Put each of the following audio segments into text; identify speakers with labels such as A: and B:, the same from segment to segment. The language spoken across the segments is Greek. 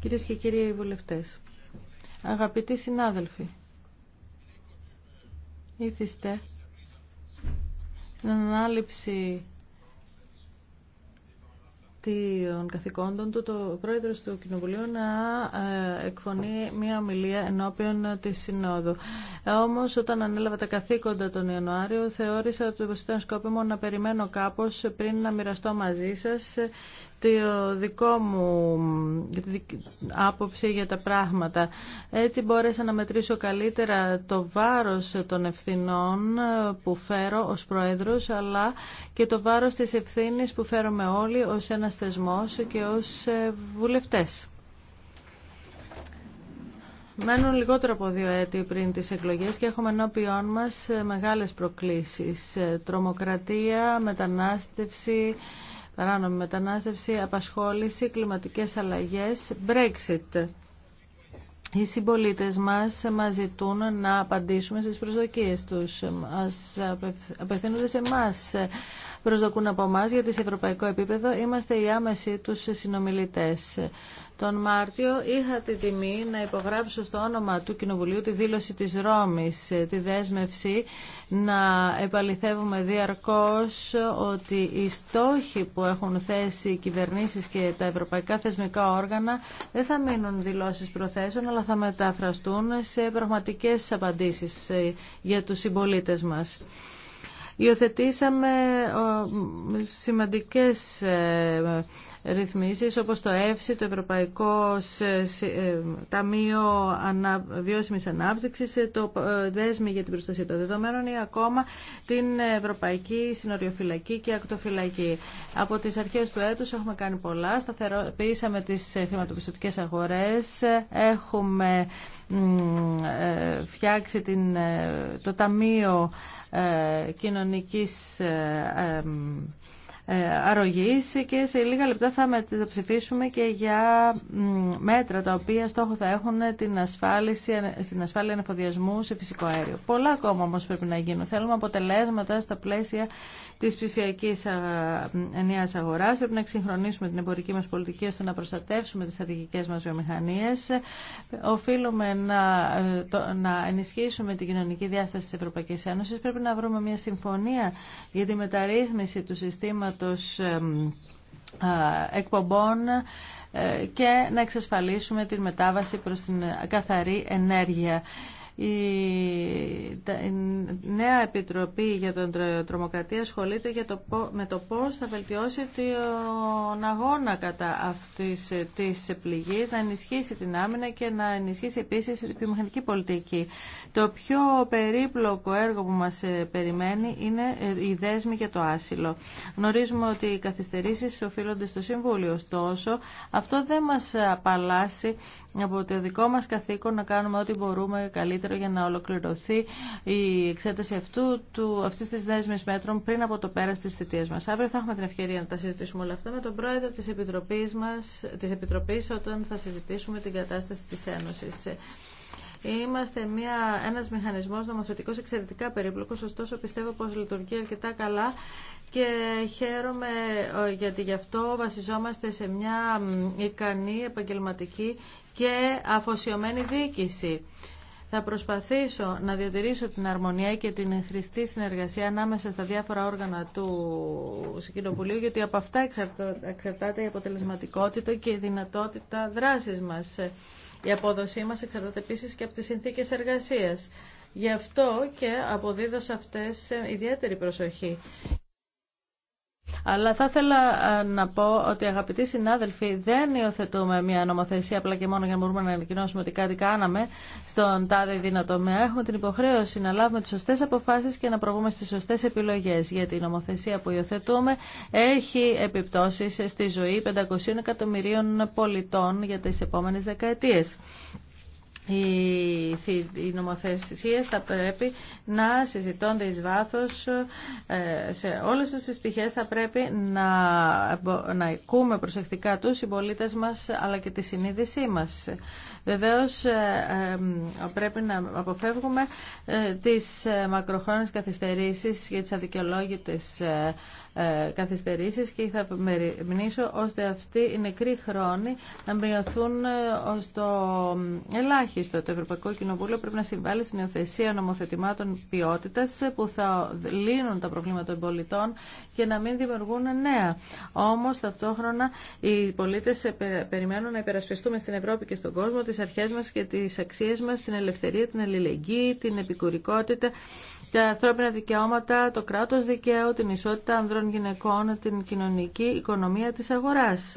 A: Κυρίες και κύριοι βουλευτές, αγαπητοί συνάδελφοι, ήθιστε στην ανάληψη των καθηκόντων του, το πρόεδρο του Κοινοβουλίου να ε, εκφωνεί μία ομιλία ενώπιον τη Συνόδου. Όμω, όταν ανέλαβα τα καθήκοντα τον Ιανουάριο, θεώρησα ότι ήταν σκόπιμο να περιμένω κάπω πριν να μοιραστώ μαζί σα το δικό μου άποψη για τα πράγματα. Έτσι μπόρεσα να μετρήσω καλύτερα το βάρος των ευθυνών που φέρω ως Πρόεδρος, αλλά και το βάρος της ευθύνης που φέρουμε όλοι ως ένας θεσμός και ως ε, βουλευτές. Μένουν λιγότερο από δύο έτη πριν τις εκλογές και έχουμε ενώπιόν μας ε, μεγάλες προκλήσεις. Ε, τρομοκρατία, μετανάστευση, παράνομη μετανάστευση, απασχόληση, κλιματικές αλλαγές, Brexit. Οι συμπολίτε μας μας ζητούν να απαντήσουμε στις προσδοκίες τους. Ας απευθύνονται σε εμά προσδοκούν από εμά, γιατί σε ευρωπαϊκό επίπεδο είμαστε οι άμεσοι του συνομιλητέ. Τον Μάρτιο είχα τη τιμή να υπογράψω στο όνομα του Κοινοβουλίου τη δήλωση της Ρώμης, ε, τη δέσμευση να επαληθεύουμε διαρκώς ότι οι στόχοι που έχουν θέσει οι κυβερνήσεις και τα ευρωπαϊκά θεσμικά όργανα δεν θα μείνουν δηλώσεις προθέσεων, αλλά θα μεταφραστούν σε πραγματικές απαντήσεις ε, για του συμπολίτε μας. Υιοθετήσαμε σημαντικές ε, ρυθμίσεις όπως το ΕΦΣΙ, το Ευρωπαϊκό ε, Ταμείο Βιώσιμης Ανάπτυξης, ε, το Δέσμι για την Προστασία των Δεδομένων ή ακόμα την Ευρωπαϊκή Συνοριοφυλακή και Ακτοφυλακή. Από τις αρχές του έτους έχουμε κάνει πολλά, σταθεροποιήσαμε τις χρηματοπιστωτικές αγορές, έχουμε ε, φτιάξει την, ε, το Ταμείο ε, Κοινωνικής ε, αρρωγής και σε λίγα λεπτά θα ψηφίσουμε και για μέτρα τα οποία στόχο θα έχουν την ασφάλιση, ε, στην ασφάλεια ανεφοδιασμού σε φυσικό αέριο. Πολλά ακόμα όμως πρέπει να γίνουν. Θέλουμε αποτελέσματα στα πλαίσια της ψηφιακής ενιαίας αγοράς. Πρέπει να εξυγχρονίσουμε την εμπορική μας πολιτική ώστε να προστατεύσουμε τις στρατηγικές μας βιομηχανίες. Οφείλουμε να, ε, να ενισχύσουμε την κοινωνική διάσταση της Ευρωπαϊκής Ένωσης. Πρέπει να βρούμε μια συμφωνία για τη μεταρρύθμιση του συστήματος των εκπομπών ε, και να εξασφαλίσουμε την μετάβαση προς την καθαρή ενέργεια. Η νέα Επιτροπή για τον Τρομοκρατία ασχολείται για το, με το πώς θα βελτιώσει τον αγώνα κατά αυτής ε, της πληγής, να ενισχύσει την άμυνα και να ενισχύσει επίσης την επιμηχανική πολιτική. Το πιο περίπλοκο έργο που μας ε, περιμένει είναι ε, η δέσμοι για το άσυλο. Γνωρίζουμε ότι οι καθυστερήσεις οφείλονται στο Συμβούλιο. Ωστόσο, αυτό δεν μας απαλλάσσει από το δικό μας καθήκον να κάνουμε ό,τι μπορούμε καλύτερα για να ολοκληρωθεί η εξέταση αυτού, του, αυτής της δέσμης μέτρων πριν από το πέρας της θητείας μας. Αύριο θα έχουμε την ευκαιρία να τα συζητήσουμε όλα αυτά με τον πρόεδρο της Επιτροπής, μας, Επιτροπής όταν θα συζητήσουμε την κατάσταση της Ένωσης. Είμαστε μια, ένας μηχανισμός νομοθετικός εξαιρετικά περίπλοκος, ωστόσο πιστεύω πως λειτουργεί αρκετά καλά και χαίρομαι ε, γιατί γι' αυτό βασιζόμαστε σε μια ικανή, επαγγελματική και αφοσιωμένη διοίκηση. Θα προσπαθήσω να διατηρήσω την αρμονία και την χρηστή συνεργασία ανάμεσα στα διάφορα όργανα του Συγκοινοβουλίου, γιατί από αυτά εξαρτάται η αποτελεσματικότητα και η δυνατότητα δράσης μας. Η απόδοσή μας εξαρτάται επίσης και από τις συνθήκες εργασίας. Γι' αυτό και αποδίδω σε αυτές ιδιαίτερη προσοχή. Αλλά θα ήθελα ε, να πω ότι αγαπητοί συνάδελφοι δεν υιοθετούμε μια νομοθεσία απλά και μόνο για να μπορούμε να ανακοινώσουμε ότι κάτι κάναμε στον τάδε δυνατομέα. Έχουμε την υποχρέωση να λάβουμε τις σωστές αποφάσεις και να προβούμε στις σωστές επιλογές γιατί η νομοθεσία που υιοθετούμε έχει επιπτώσεις στη ζωή 500 εκατομμυρίων πολιτών για τις επόμενες δεκαετίες οι νομοθεσίες θα πρέπει να συζητώνται εις βάθος ε, σε όλες τις πτυχές θα πρέπει να, να ακούμε προσεκτικά τους συμπολίτε μας αλλά και τη συνείδησή μας. Βεβαίως ε, ε, πρέπει να αποφεύγουμε τις μακροχρόνιες καθυστερήσεις και τις αδικαιολόγητες καθυστερήσεις και θα μερυμνήσω ώστε αυτοί οι νεκροί χρόνοι να μειωθούν το ελάχιστο το Ευρωπαϊκό Κοινοβούλιο πρέπει να συμβάλλει στην υιοθεσία νομοθετημάτων ποιότητα που θα λύνουν τα προβλήματα των πολιτών και να μην δημιουργούν νέα. Όμω ταυτόχρονα οι πολίτε περιμένουν να υπερασπιστούμε στην Ευρώπη και στον κόσμο τι αρχέ μα και τι αξίε μα, την ελευθερία, την αλληλεγγύη, την επικουρικότητα τα ανθρώπινα δικαιώματα, το κράτος δικαίου, την ισότητα ανδρών γυναικών, την κοινωνική οικονομία της αγοράς.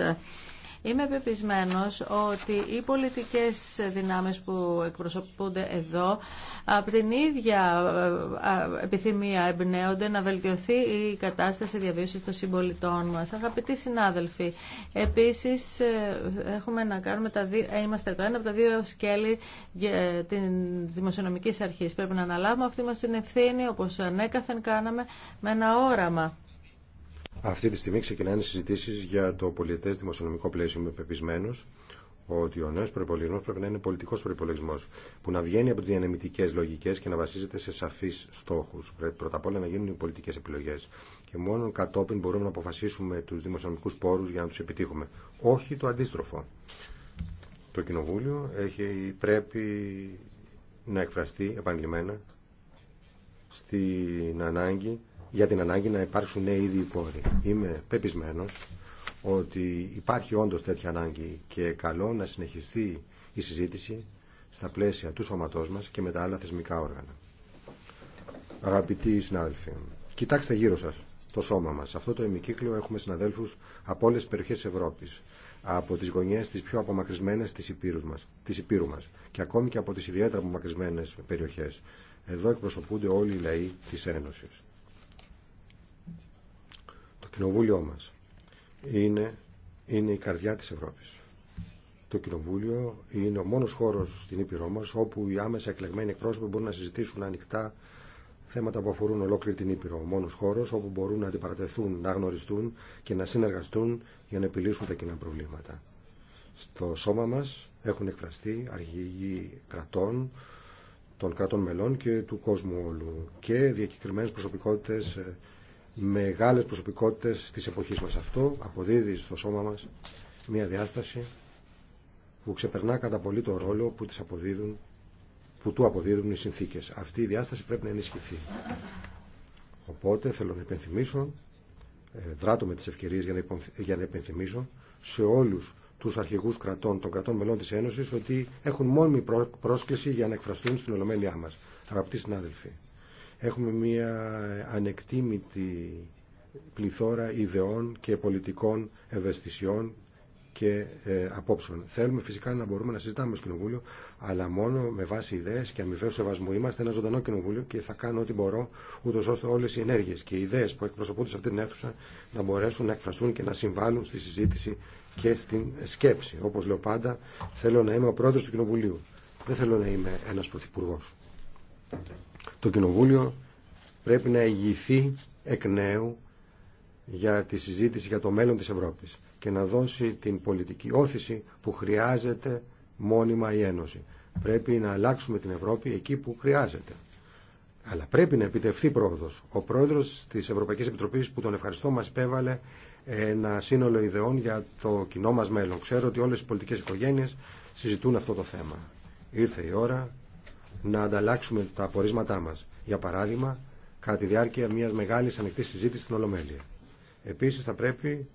A: Είμαι πεπισμένο ότι οι πολιτικές δυνάμεις που εκπροσωπούνται εδώ από την ίδια ε, ε, επιθυμία εμπνέονται να βελτιωθεί η κατάσταση διαβίωση των συμπολιτών μας. Αγαπητοί συνάδελφοι, επίσης ε, έχουμε να κάνουμε τα δύο, είμαστε το ένα από τα δύο σκέλη τη δημοσιονομική αρχή. Πρέπει να αναλάβουμε αυτή μα την ευθύνη όπω ανέκαθεν κάναμε με ένα όραμα
B: αυτή τη στιγμή ξεκινάνε συζητήσει για το πολιτέ δημοσιονομικό πλαίσιο. Είμαι πεπισμένο ότι ο νέο προπολογισμό πρέπει να είναι πολιτικό προπολογισμό που να βγαίνει από τι διανεμητικέ λογικέ και να βασίζεται σε σαφεί στόχου. Πρέπει πρώτα απ' όλα να γίνουν οι πολιτικέ επιλογέ. Και μόνο κατόπιν μπορούμε να αποφασίσουμε του δημοσιονομικού πόρου για να του επιτύχουμε. Όχι το αντίστροφο. Το Κοινοβούλιο έχει, πρέπει να εκφραστεί επανειλημμένα στην ανάγκη για την ανάγκη να υπάρξουν νέοι ήδη πόροι. Είμαι πεπισμένο ότι υπάρχει όντω τέτοια ανάγκη και καλό να συνεχιστεί η συζήτηση στα πλαίσια του σώματός μας και με τα άλλα θεσμικά όργανα. Αγαπητοί συνάδελφοι, κοιτάξτε γύρω σας το σώμα μας. Σε αυτό το ημικύκλιο έχουμε συναδέλφους από όλες τις περιοχές της Ευρώπης, από τις γωνιές τις πιο απομακρυσμένες της Υπήρου μας, και ακόμη και από τις ιδιαίτερα απομακρυσμένες περιοχές. Εδώ εκπροσωπούνται όλοι οι λαοί τη Ένωση. Το κοινοβούλιο μας είναι, είναι η καρδιά της Ευρώπης. Το κοινοβούλιο είναι ο μόνος χώρος στην Ήπειρό μας όπου οι άμεσα εκλεγμένοι εκπρόσωποι μπορούν να συζητήσουν ανοιχτά θέματα που αφορούν ολόκληρη την Ήπειρο. Ο μόνος χώρος όπου μπορούν να αντιπαρατεθούν, να γνωριστούν και να συνεργαστούν για να επιλύσουν τα κοινά προβλήματα. Στο σώμα μας έχουν εκφραστεί αρχηγοί κρατών, των κρατών μελών και του κόσμου όλου και διακεκριμένες προσωπικότητες ε, μεγάλες προσωπικότητες της εποχής μας. Αυτό αποδίδει στο σώμα μας μια διάσταση που ξεπερνά κατά πολύ το ρόλο που, τις αποδίδουν, που του αποδίδουν οι συνθήκες. Αυτή η διάσταση πρέπει να ενισχυθεί. Οπότε θέλω να υπενθυμίσω, ε, δράτω με τις ευκαιρίες για να υπενθυμίσω σε όλους τους αρχηγούς κρατών, των κρατών μελών της Ένωσης, ότι έχουν μόνιμη πρόσκληση για να εκφραστούν στην Ολομέλειά μας. Αγαπητοί συνάδελφοι, Έχουμε μια ανεκτήμητη πληθώρα ιδεών και πολιτικών ευαισθησιών και ε, απόψεων. Θέλουμε φυσικά να μπορούμε να συζητάμε στο κοινοβούλιο, αλλά μόνο με βάση ιδέε και αμοιβαίου σεβασμού. Είμαστε ένα ζωντανό κοινοβούλιο και θα κάνω ό,τι μπορώ, ούτω ώστε όλε οι ενέργειε και οι ιδέε που εκπροσωπούνται σε αυτή την αίθουσα να μπορέσουν να εκφραστούν και να συμβάλλουν στη συζήτηση και στην σκέψη. Όπω λέω πάντα, θέλω να είμαι ο πρόεδρος του κοινοβουλίου. Δεν θέλω να είμαι ένα πρωθυπουργό το Κοινοβούλιο πρέπει να ηγηθεί εκ νέου για τη συζήτηση για το μέλλον της Ευρώπης και να δώσει την πολιτική όθηση που χρειάζεται μόνιμα η Ένωση. Πρέπει να αλλάξουμε την Ευρώπη εκεί που χρειάζεται. Αλλά πρέπει να επιτευχθεί πρόοδο. Ο πρόεδρο τη Ευρωπαϊκή Επιτροπή, που τον ευχαριστώ, μα υπέβαλε ένα σύνολο ιδεών για το κοινό μα μέλλον. Ξέρω ότι όλε οι πολιτικέ οικογένειε συζητούν αυτό το θέμα. Ήρθε η ώρα να ανταλλάξουμε τα απορίσματά μα. Για παράδειγμα, κατά τη διάρκεια μια μεγάλη ανοιχτή συζήτηση στην Ολομέλεια. Επίση θα πρέπει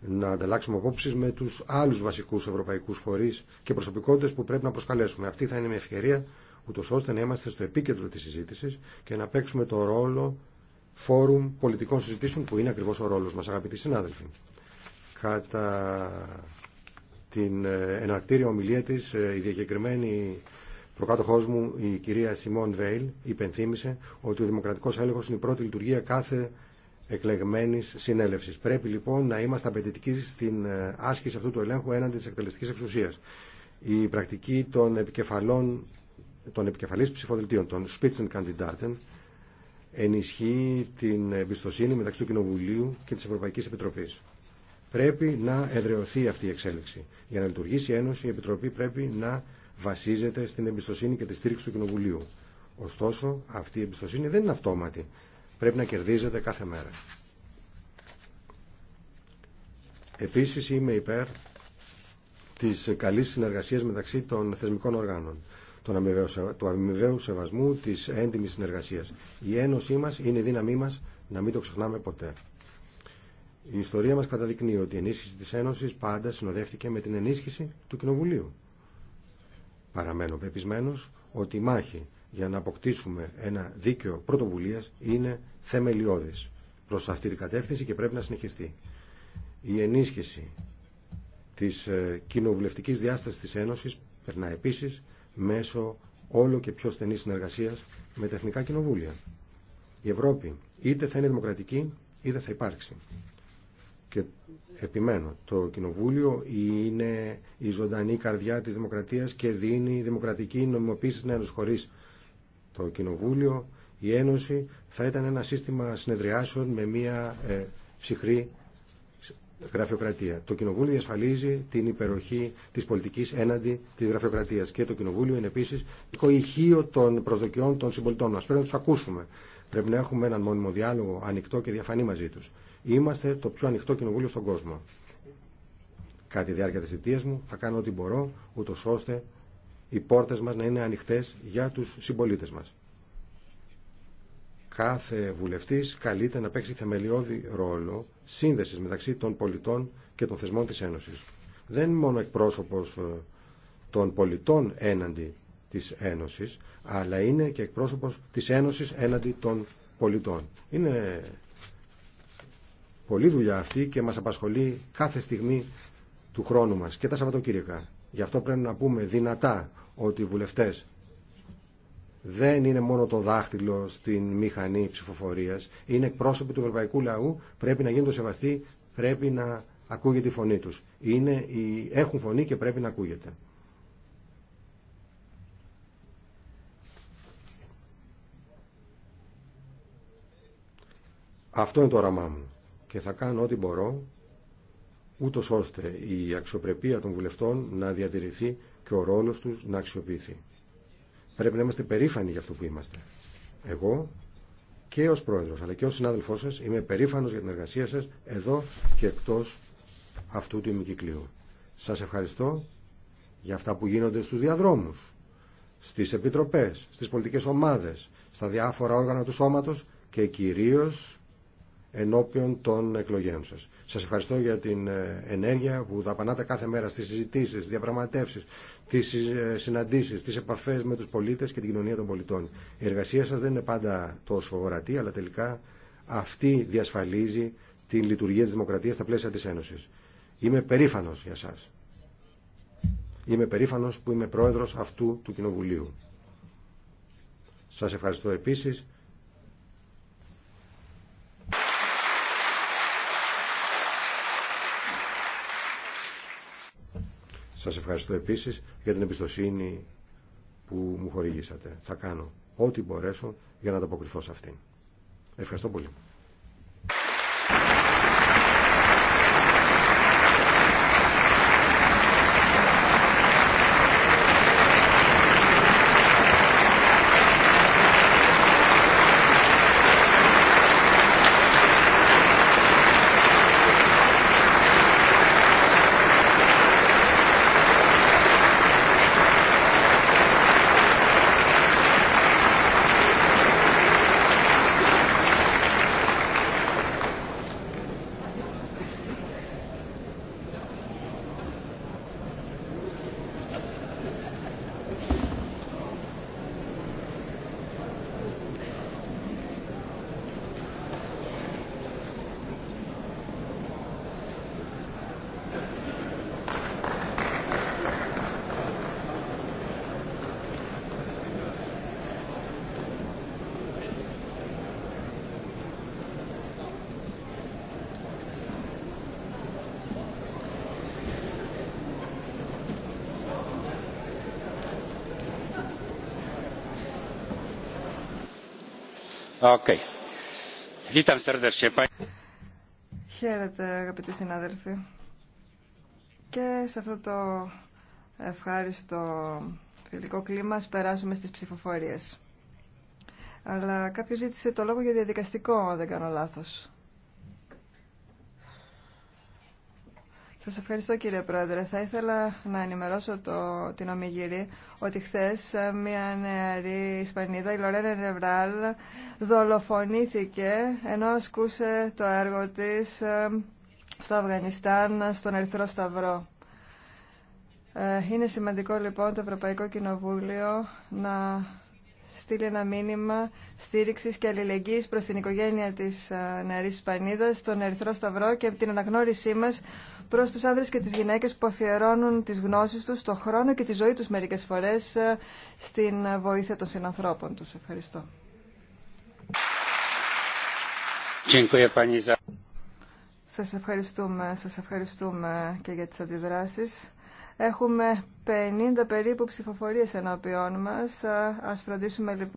B: να ανταλλάξουμε απόψει με του άλλου βασικού ευρωπαϊκού φορεί και προσωπικότητε που πρέπει να προσκαλέσουμε. Αυτή θα είναι μια ευκαιρία ούτω ώστε να είμαστε στο επίκεντρο τη συζήτηση και να παίξουμε το ρόλο φόρουμ πολιτικών συζητήσεων που είναι ακριβώ ο ρόλο μα, αγαπητοί συνάδελφοι. Κατά την ε, εναρκτήρια ομιλία τη, ε, η διακεκριμένη Προκάτοχό μου, η κυρία Σιμών Βέιλ, υπενθύμησε ότι ο δημοκρατικό έλεγχο είναι η πρώτη λειτουργία κάθε εκλεγμένη συνέλευση. Πρέπει λοιπόν να είμαστε απαιτητικοί στην ε, άσκηση αυτού του ελέγχου έναντι τη εκτελεστική εξουσία. Η πρακτική των επικεφαλών των επικεφαλής ψηφοδελτίων, των Spitzenkandidaten, ενισχύει την εμπιστοσύνη μεταξύ του Κοινοβουλίου και της Ευρωπαϊκής Επιτροπής. Πρέπει να εδραιωθεί αυτή η εξέλιξη. Για να λειτουργήσει η Ένωση, η Επιτροπή πρέπει να βασίζεται στην εμπιστοσύνη και τη στήριξη του Κοινοβουλίου. Ωστόσο, αυτή η εμπιστοσύνη δεν είναι αυτόματη. Πρέπει να κερδίζεται κάθε μέρα. Επίσης είμαι υπέρ της καλής συνεργασίας μεταξύ των θεσμικών οργάνων, του αμοιβαίου σεβασμού, της έντιμης συνεργασίας. Η ένωσή μας είναι η δύναμή μας, να μην το ξεχνάμε ποτέ. Η ιστορία μας καταδεικνύει ότι η ενίσχυση της Ένωσης πάντα συνοδεύτηκε με την ενίσχυση του Κοινοβουλίου. Παραμένω πεπισμένος ότι η μάχη για να αποκτήσουμε ένα δίκαιο πρωτοβουλία είναι θεμελιώδης. Προς αυτή την κατεύθυνση και πρέπει να συνεχιστεί. Η ενίσχυση της ε, κοινοβουλευτικής διάστασης της Ένωσης περνά επίσης μέσω όλο και πιο στενής συνεργασίας με τα εθνικά κοινοβούλια. Η Ευρώπη είτε θα είναι δημοκρατική είτε θα υπάρξει και επιμένω, το Κοινοβούλιο είναι η ζωντανή καρδιά της δημοκρατίας και δίνει δημοκρατική νομιμοποίηση στην Ένωση. Χωρίς το Κοινοβούλιο, η Ένωση θα ήταν ένα σύστημα συνεδριάσεων με μια ε, ψυχρή γραφειοκρατία. Το Κοινοβούλιο διασφαλίζει την υπεροχή της πολιτικής έναντι της γραφειοκρατίας Και το Κοινοβούλιο είναι επίση το ηχείο των προσδοκιών των συμπολιτών μας. Πρέπει να του ακούσουμε. Πρέπει να έχουμε έναν μόνιμο διάλογο ανοιχτό και διαφανή μαζί του. Είμαστε το πιο ανοιχτό κοινοβούλιο στον κόσμο. Κάτι τη διάρκεια τη θητεία μου θα κάνω ό,τι μπορώ, ούτω ώστε οι πόρτε μα να είναι ανοιχτέ για του συμπολίτε μα. Κάθε βουλευτή καλείται να παίξει θεμελιώδη ρόλο σύνδεση μεταξύ των πολιτών και των θεσμών τη Ένωση. Δεν είναι μόνο εκπρόσωπο ε, των πολιτών έναντι της Ένωσης, αλλά είναι και εκπρόσωπο της Ένωσης έναντι των πολιτών. Είναι πολλή δουλειά αυτή και μας απασχολεί κάθε στιγμή του χρόνου μας και τα Σαββατοκύριακα. Γι' αυτό πρέπει να πούμε δυνατά ότι οι βουλευτές δεν είναι μόνο το δάχτυλο στην μηχανή ψηφοφορίας, είναι εκπρόσωποι του ευρωπαϊκού λαού, πρέπει να το σεβαστή. πρέπει να ακούγεται η φωνή τους. Είναι, έχουν φωνή και πρέπει να ακούγεται. Αυτό είναι το όραμά μου και θα κάνω ό,τι μπορώ ούτω ώστε η αξιοπρεπία των βουλευτών να διατηρηθεί και ο ρόλο του να αξιοποιηθεί. Πρέπει να είμαστε περήφανοι για αυτό που είμαστε. Εγώ και ω πρόεδρο, αλλά και ω συνάδελφό σα, είμαι περήφανο για την εργασία σα εδώ και εκτό αυτού του ημικυκλίου. Σα ευχαριστώ για αυτά που γίνονται στου διαδρόμου, στι επιτροπέ, στι πολιτικέ ομάδε, στα διάφορα όργανα του σώματο και κυρίως ενώπιον των εκλογέων σας. Σα ευχαριστώ για την ε, ενέργεια που δαπανάτε κάθε μέρα στις συζητήσεις, στις διαπραγματεύσει, τις ε, συναντήσεις, τις επαφές με τους πολίτες και την κοινωνία των πολιτών. Η εργασία σας δεν είναι πάντα τόσο ορατή, αλλά τελικά αυτή διασφαλίζει την λειτουργία της δημοκρατίας στα πλαίσια τη Ένωση. Είμαι περήφανο για εσά. Είμαι περήφανο που είμαι πρόεδρο αυτού του Κοινοβουλίου. Σα ευχαριστώ επίση. Σας ευχαριστώ επίσης για την εμπιστοσύνη που μου χορηγήσατε. Θα κάνω ό,τι μπορέσω για να ανταποκριθώ σε αυτήν. Ευχαριστώ πολύ. Okay.
C: Χαίρετε αγαπητοί συνάδελφοι και σε αυτό το ευχάριστο φιλικό κλίμα περάσουμε στις ψηφοφορίες. Αλλά κάποιος ζήτησε το λόγο για διαδικαστικό, αν δεν κάνω λάθος. Σας ευχαριστώ κύριε Πρόεδρε. Θα ήθελα να ενημερώσω το, την Ομιγύρη ότι χθε ε, μια νεαρή Ισπανίδα, η Λορένα Νευράλ, δολοφονήθηκε ενώ ασκούσε το έργο της ε, στο Αφγανιστάν, στον Ερυθρό Σταυρό. Ε, είναι σημαντικό λοιπόν το Ευρωπαϊκό Κοινοβούλιο να στείλει ένα μήνυμα στήριξη και αλληλεγγύη προ την οικογένεια τη ε, νεαρή Ισπανίδα, τον Ερυθρό Σταυρό και την αναγνώρισή μα προ του άνδρες και τι γυναίκε που αφιερώνουν τι γνώσει του το χρόνο και τη ζωή του μερικέ φορέ ε, στην βοήθεια των συνανθρώπων του Ευχαριστώ. Σας ευχαριστούμε, σας ευχαριστούμε και για τις αντιδράσεις. Έχουμε 50 περίπου ψηφοφορίες ενώπιόν μας. Ας φροντίσουμε λοιπόν.